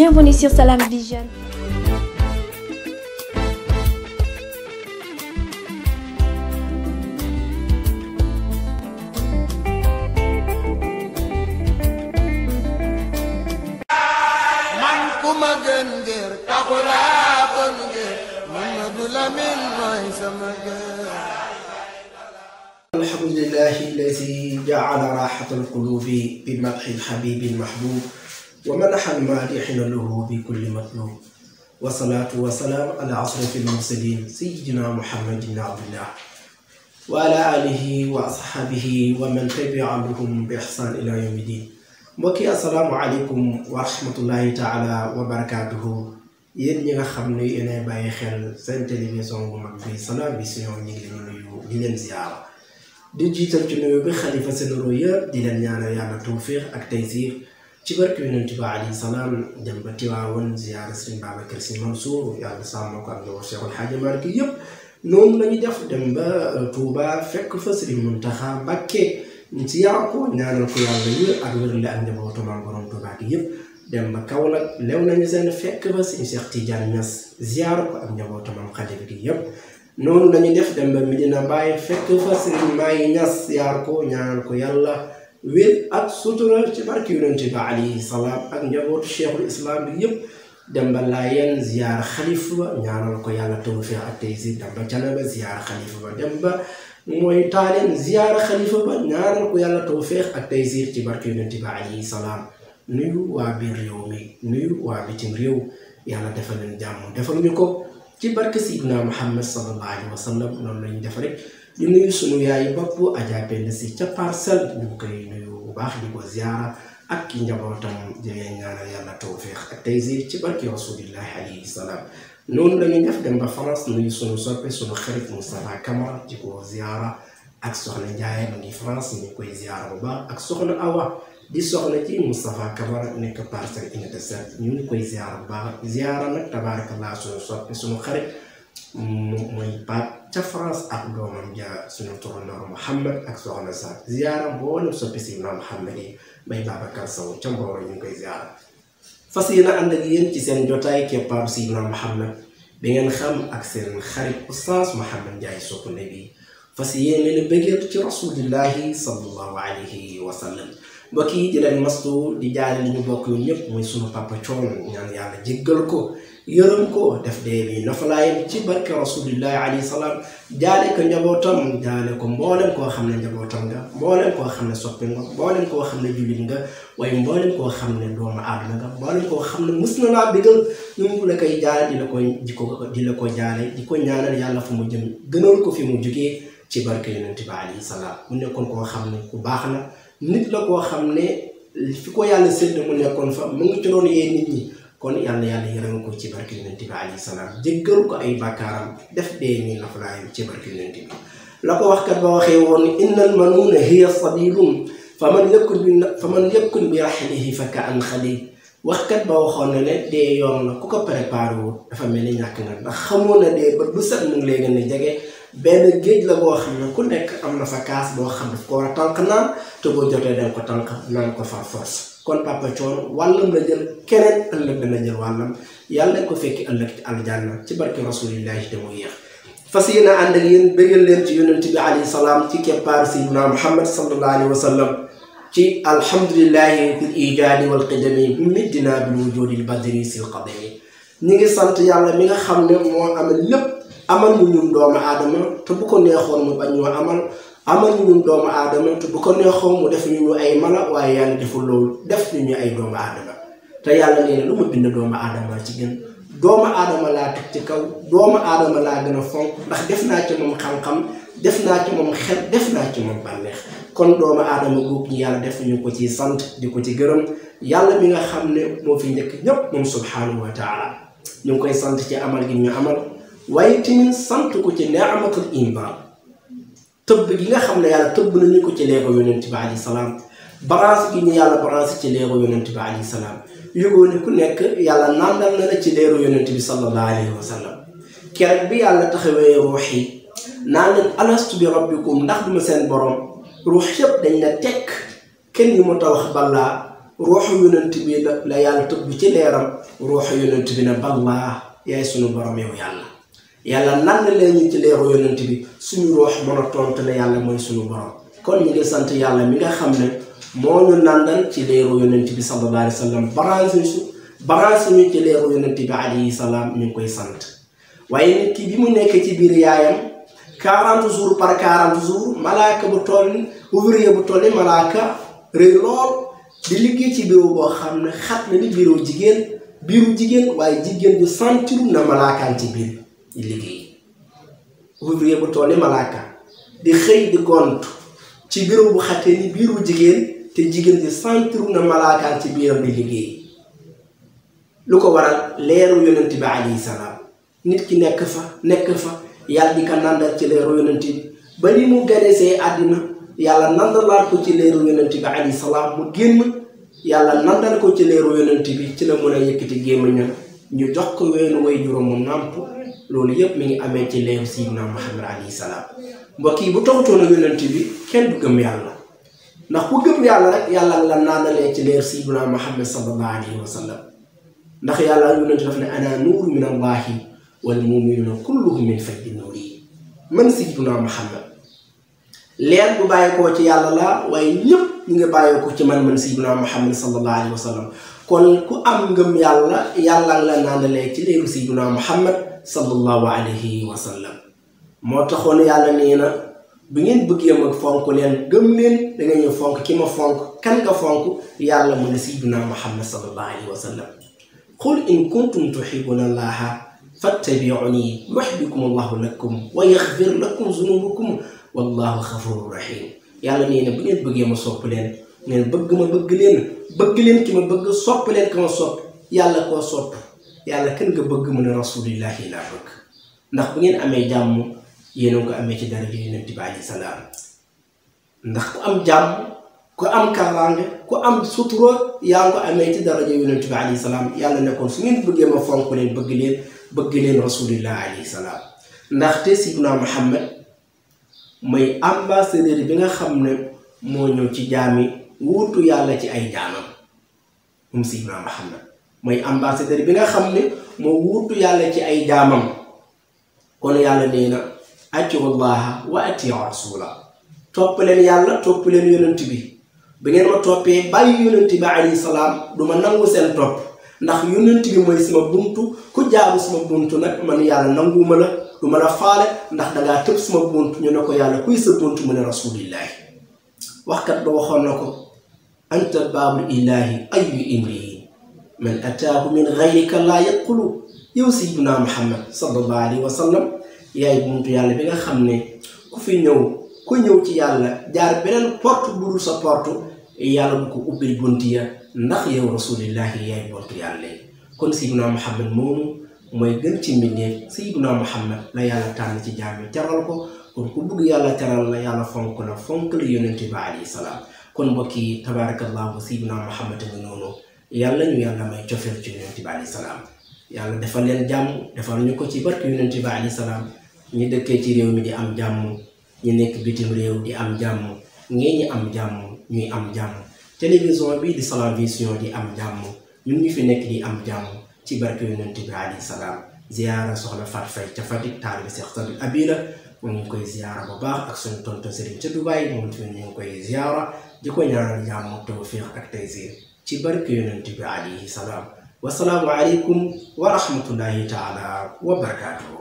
Bienvenue sur Salam Vision. alhamdulillahi allazi ja'ala rahatal qulubi bi madhil habibil mahbub ومنحا مادحنا له بكل مطلوب والصلاة والسلام على أشرف المرسلين سيدنا محمد بن عبد الله وعلى آله وأصحابه ومن تبعهم بإحسان إلى يوم الدين mbokki asalaamualeykum wa rahmatullahi taala wa barakaatuhu yéen ñi nga xam ne yéenay bàyyi xel seen télévision bu mag bi Salam Vision ñu ngi leen nuyu di leen ziyaara di jiital ci nuyu bi xalifa seen roya di leen ñaanal yàlla tawfiq ak taysir ci barke yonent ba alayhi a dem ba Tiwaawoon ziyaara Sëriñ Babacar Sy Mansour yàlla sàmm ko ak nga wax Cheikhul Hadji Malick yëpp noonu lañu def dem ba euh, Touba fekk fa Sëriñ Muntaxa Mbàkke ziyaar ko ñaanal ko yàlla wér ak wér la ak njabootam ak borom Touba gi fekk fa Sëriñ Cheikh Tidiane Niass ziyaar ko ak njabootam ak noonu lañu def dem ba Medina fekk fa Sëriñ Maye Niass ziyaar ko ñaanal ko yàlla wér ak sutura ci barke yonente bi alayhi salaam ak njaboot cheikhul islam bi yëpp dem ba laayeen ziyaar xalifa ba ñaanal ko yàlla tawfiq ak taysir dem ba canaba ziyaar xalifa ba dem ba mooy taaleen ziyaar xalifa ba ñaanal ko yàlla tawfiq ak taysir ci barke yonente bi alayhi salaam nuyu waa biir réew mi nuyu waa bitim réew yàlla defal leen jàmm defal ñu ko ci barke sidna muhammad sallallahu alayhi wa sallam noonu lañu def di nuyu sunu yaayu bopp Adja Penda Sy ca parcelle ñu nuyu bu baax di ko ziara ak ki njabootam di leen ñaanal yàlla tawféex ak ci barke rasulillahi alayhi salaam noonu la ñuy def dem ba nuyu sunu soppe sunu xarit mu ngi France ñu koy ziara parcelle unité 7 ñu koy ziara nag tabaarakallah sunu soppe sunu xarit. moom mooy paat ca France ak doomam ja suñu torondoor Mouhamed ak soxna sa ziyaara mboolem soppi si na Mouhamed yi bay Babacar Sow ca Mboro ñu ngi koy ziyaara fas yéen a ànd ak yéen ci seen jotaay keppaaru si na Mouhamed bi ngeen xam ak seen xarit oustaz Mouhamed Ndiaye Sopé bi fas yéen leen bëggeel ci rasulillahi sallallahu alayhi wa sallam mbokk yi di leen mastu di jaale li ñu bokk ñun ñëpp mooy sunu papa coon ñaan yàlla jéggal ko yërëm ko def dee bi nofalaayam ci barke rasulillahi alayhi salaam jaale ko njabootam jaale ko mboolem koo xam ne njabootam nga mboolem koo xam ne soppi nga mboolem koo xam ne jullit nga waaye mboolem koo xam ne doomu aadama nga mboolem koo xam ne la koy jaale di ko di ko di ko jaale di ko ñaanal yàlla fu mu jëm gënal ko fi mu jugee ci barke yonente bi alayhi mu nekkoon koo xam ne baax na nit la koo xam ne fi ko yàlla sédd mu nekkoon fa mu ngi ci doon yee nit ñi. kon yàlla yàlla yërëm ko ci barke yonent salaam jéggal ko ay bàkkaaram def dee ñu naflaayam ci barke yonent bi la ko waxkat ba waxee woon innal manuuna hiya sabilun faman yakun bi faman yakun bi rahlihi fa ka an xalil waxkat ba waxoon na le dee yoon la ku ko préparé wu dafa mel ni ñàkk na ndax xamoon na dee ba bu set mu ngi lay gën jege benn géej la boo xam ne ku nekk am na fa kaas boo xam ne ko war a tànk te boo jotee da nga ko tànk naan ko fa force kon papa coon wàllam la jël keneen ëllëg dana jël wàllam yàlla ko fekki ëllëg ci aljanna ci barke rasulillahi te mu yéex fas yéen a ànd ak yéen bëggal leen ci yonent bi salaam ci keppaar sayyidina Muhammad sallallahu alayhi wa sallam ci alhamdulillahi yàlla mi nga xam ne am lépp amal ñu ñun doomu aadama te ko neexoon mu bañ amal amal ñu ñun doomu aadama te bu ko neexoon mu def ñu ñu ay mala waaye yàlla deful loolu def ñu ñu ay doomu aadama te yàlla nee na lu ma bind doomu aadama ci gën doomu aadama laa teg ci kaw doomu aadama laa gën a fonk ndax def naa ci moom xam-xam def naa ci moom xel def naa ci moom bànneex kon doomu aadama boobu ñu yàlla def ñu ko ci sant di ko ci gërëm yàlla mi nga xam ne moo fi njëkk ñépp moom subhaanahu wa ñu koy sant ci amal gi ñu amal waaye tamit sant ko ci ni'matul iman tëbb gi nga xam ne yàlla tëbb nañu ko ci leego yonent bi alayhi salaam branche gi ñu yàlla branche ci leego yonent bi alayhi salaam yëgoo ne ku nekk yàlla nàndal na la ci leeru yonent bi sallallahu alayhi wa sallam keroog bi yàlla taxawee ruux yi naan leen alastu bi rabbikum ndax duma seen borom ruux yëpp dañ la tekk kenn yi mu ta wax ballaa ruuxu yonent bi la yàlla tëbb ci leeram ruuxu yonent bi ne ballaa yaay sunu borom yow yàlla yàlla nan leen ñu ci leeru yonent bi suñu roox mën a tontu ne yàlla mooy suñu borom kon ñu ngi sant yàlla mi nga xam ne moo ñu nandal ci leeru yonent bi sallallahu alayhi wa sallam baransuñ su baransuñu ci leeru yonent bi alayhi salaam ñu ngi koy sant waaye nit ki bi mu nekk ci biir yaayam 40 jours par 40 jours malaaka bu toll ni ouvrier bu toll ni malaaka rëy lool di liggéey ci biiru boo xam ne xat na ni biiru jigéen biiru jigéen waaye jigéen bu santiru na malaakaan ci biir di liggéey ouvrier bu toll ni malaaka di xëy di gont ci bureau bu xatee ni biiru jigéen te jigéen di santiru na malaakaan ci biiram di liggéey lu ko waral leeru yonent bi alayhi salaam nit ki nekk fa nekk fa yàlla di ka nandal ci leeru yonent bi ba ni mu ganesee àddina yàlla nandalaat ko ci leeru yonent bi alayhi salaam mu génn yàlla nandal ko ci leeru yonent bi ci la mën a yëkkati gémmiñam ñu jox ko weenu way juróom nàmp loolu yëpp mi ngi amee ci leeru Seydina Muhammad alayhi salaam mbokk yi bu toxutoon a yonent bi kenn du gëm yàlla ndax ku gëm yàlla rek yàlla la naanalee ci leeru Seydina Muhammad sallallahu alayhi wa sallam ndax yàlla yonent daf ne ana nuuru min allahi wal muminuna kulluhum min fajji nuuri yi man Seydina Muhammad leer bu bàyyi koo ci yàlla la waaye ñëpp ñu ngi bàyyi ko ci man man Seydina Muhammad sallallahu alayhi wa sallam kon ku am ngëm yàlla yàlla la naanalee ci leeru sayyidina Muhammad sallallahu alayhi wa sallam moo taxoon yàlla nee na bu ngeen bëggee ma fonk leen gëm leen da nga ñëw fonk ki ma fonk kan nga fonk yàlla mu ne sayyidina Muhammad sallallahu alayhi wa sallam qul in kuntum tuhibbuna allaha fattabi'uni yuhbibkum allahu lakum wa yaghfir lakum zunubakum wallahu ghafurur rahim yàlla nee na bu ngeen bëggee ma sopp leen ngeen bëgg ma bëgg leen bëgg leen ki ma bëgg sopp leen ma sopp yàlla koo sopp yàlla kenn nga bëgg mu ne rasulillahi laa bëgg ndax bu ngeen amee jàmm yéen ko amee ci dara yi yonent bi alayhi salaam ndax ku am jàmm ku am kaaraange ku am sutura yaa ngi amee ci daraja yonent bi alayhi salaam yàlla nekkoon su ngeen bëggee ma fonk leen bëgg leen bëgg leen rasulillah alayhi salaam ndaxte sidna Muhammad mooy ambassadeur bi nga xam ne moo ñëw ci jaami wuutu yàlla ci ay jaamam moom Seydina mooy ambassadeur bi nga xam ne moo wuutu yàlla ci ay jaamam kon yàlla nee na atiu llaha wa atiu rasula topp leen yàlla topp leen yonent bi ba ngeen ma toppee bàyyi yonent bi alayhi salaam du ma nangu seen topp ndax yonent bi mooy sama buntu ku jaaru suma buntu nag man yàlla nanguuma la du ma la faale ndax dangaa tëb suma buntu ñu ne ko yàlla kuy sa buntu mu ne rasulillahi waxkat ba waxoon na ko anta baabul ilaahi ayu imriin man ataahu min gayrika laa yaqulu yow sayyiduna muhammad sallallahu alayhi wa sallam yaay buntu yàlla bi nga xam ne ku fi ñëw ku ñëw ci yàlla jaar beneen porte bu dul yàlla bu ko ubbil bunt ya ndax yow rasulillahi yaay buntu yàlla kon sayyiduna muhammad moomu mooy gën ci mbindeef sayyiduna muhammad la yàlla tànn ci jaam yi teral ko ku bugg yàlla teral la yàlla fonk la fonk la yonente ba alayhi salaam kon mbokk yi tabaarakallahu sayyidina Muhammad nga noonu yàlla ñu yàlla may cofeel ci yonent bi alayhi salaam yàlla defal leen jàmm defal ñu ko ci barke yonent bi alayhi salaam dëkkee ci réew mi di am jàmm ñi nekk bitim réew di am jàmm ngeen ñi am jàmm ñuy am jàmm télévision bi di Salam Vision di am jàmm ñu ñu fi nekk di am jàmm ci barke yonent bi alayhi salaam ziyaara soxna Fatou Faye ca Fatick taal bi Seex Sadul Abira ñu ngi koy ziyaara bu baax ak suñu tonton Serigne ca Dubaay moom tamit ñu ngi koy ziyaara di ko ñaanal jàmm tawfiq ak taysir ci barke yonent bi alayhi salaam wasalaamu aleykum wa rahmatullahi taala wa barakaatuhu